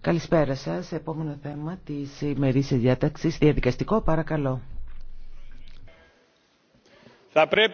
Καλησπέρα σας. Επόμενο θέμα της ημερήσιας διάταξης. Διαδικαστικό, παρακαλώ. Θα πρέπει